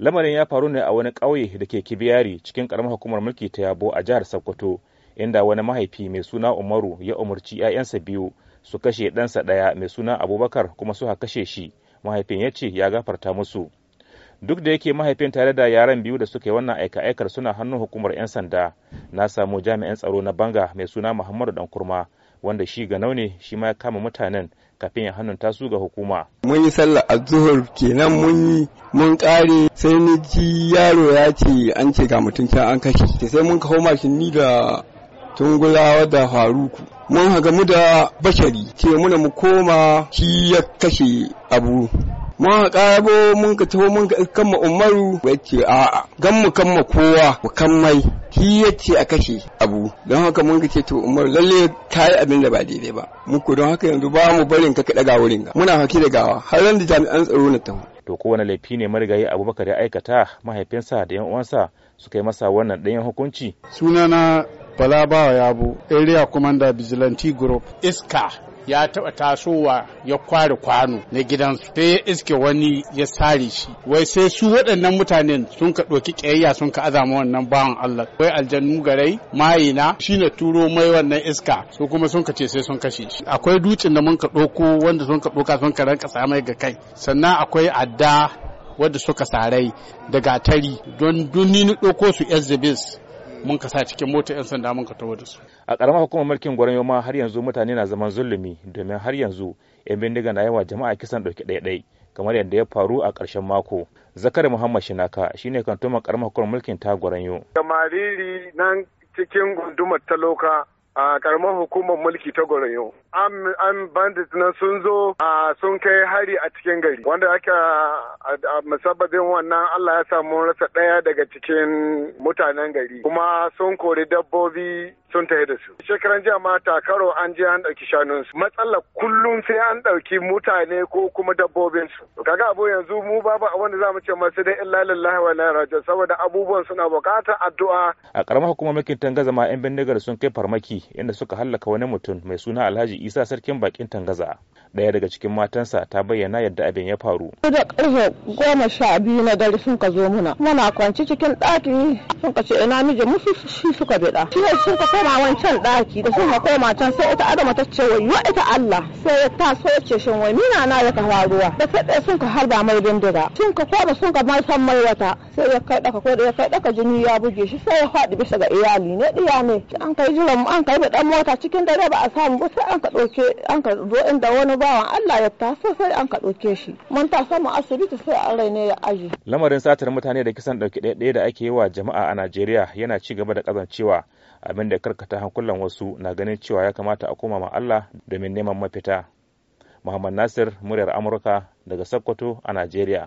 lamarin ya faru ne a wani ƙauye da ke kibiyari cikin ƙaramar hukumar mulki ta yabo a jihar sokoto inda wani mahaifi mai suna umaru ya umarci 'ya'yansa biyu su kashe ɗansa ɗaya mai suna abubakar kuma suka kashe shi mahaifin ya ce ya gafarta musu duk da yake mahaifin tare da yaran biyu da suka wannan aika-aikar suna hannun hukumar 'yan sanda na samu jami'an tsaro na banga mai suna muhammadu dankurma wanda shi ganau ne shi ma ya kama mutanen kafin ya hannunta su ga hukuma. Mun yi sallar azuhur kenan mun yi mun kare sai ni ji yaro ya ce an ce ga mutum can an kashe sai mun kawo mashin ni da tungulawa da faruku. Mun haga mu da bashari ce muna mu koma shi ya kashe abu. Mun haƙa mun ka taho mun ka umaru ya ce a'a gan mu kan kowa mu kan mai shi ya ce a kashe abu don haka mun ce to umar lalle ta yi abin da ba daidai ba muku don haka yanzu ba mu barin ka kaɗa wurin ga muna haki da gawa har da jami'an tsaro na taho to kowane laifi ne marigayi abubakar ya aikata mahaifinsa da yan uwansa suka yi masa wannan ɗanyen hukunci sunana balabawa yabo area commander vigilante group iska ya taba tasowa ya kware kwano na gidansu sai ya iske wani ya sare shi wai sai su waɗannan mutanen sun ka ɗauki ƙayayya sun ka azama wannan bawan Allah wai aljannu garai mayina shine turo mai wannan iska su kuma sun ka ce sai sun kashe shi akwai dutsen da mun ka ɗauko wanda sun ka ɗauka sun ka ranka samai ga kai sannan akwai adda wadda suka sarai daga gatari don dunni ni ɗauko su exhibits mun ka sa cikin mota 'yan sanda mun ka tawo da su a karamar hukumar mulkin gwaran yoma har yanzu mutane na zaman zulumi domin har yanzu 'yan bindiga na yawa jama'a kisan ɗaya ɗaiɗai kamar yadda ya faru a ƙarshen mako zakari muhammad shinaka shine kan tuma karamar hukumar mulkin ta gwaran yo da nan cikin gundumar taloka a karamar hukumar mulki ta yau. An bandit na sun zo a sun kai hari a cikin gari wanda aka a musabbabin wannan Allah ya samu rasa ɗaya daga cikin mutanen gari kuma sun kori dabbobi sun tafi da su. Shekaran jiya ma takaro an je an ɗauki shanunsu. matsala kullum sai an ɗauki mutane ko kuma dabbobinsu. Kaga abu yanzu mu babu a wanda za mu ce masu dai illa lillahi wa ilaihi saboda abubuwan suna buƙatar addu'a. A ƙaramar hukumar mulkin Tangaza ma 'yan bindigar sun kai farmaki inda suka hallaka wani mutum mai suna Alhaji Isa Sarkin Bakin Tangaza. daya daga cikin matansa ta bayyana yadda abin ya faru. da ƙarfe goma sha biyu na dare sun ka zo muna muna kwanci cikin ɗaki sun ka ce ina miji musu shi suka biɗa shi sun ka koma wancan ɗaki da sun ka koma can sai ita adama ta ce wai ita Allah sai ta so ce shin wai mina na ya ka faruwa. da faɗe sun ka harba mai bindiga sun ka koma sun ka mai san mai wata sai ya kai daka ko da ya kai daka jini ya buge shi sai ya faɗi bisa ga iyali ne diya ne an kai jiran an kai dan mota cikin dare ba a samu ba sai an ka ɗauke an ka zo inda wani bawan Allah ya taso sai an ka ɗauke shi mun ta samu asibiti sai an raine ya aje lamarin satar mutane da kisan ɗauki ɗaya da ake yi wa jama'a a Najeriya yana ci gaba da kazancewa abin da karkata hankulan wasu na ganin cewa ya kamata a koma ma Allah domin neman mafita Muhammad Nasir muryar Amurka daga Sokoto a Najeriya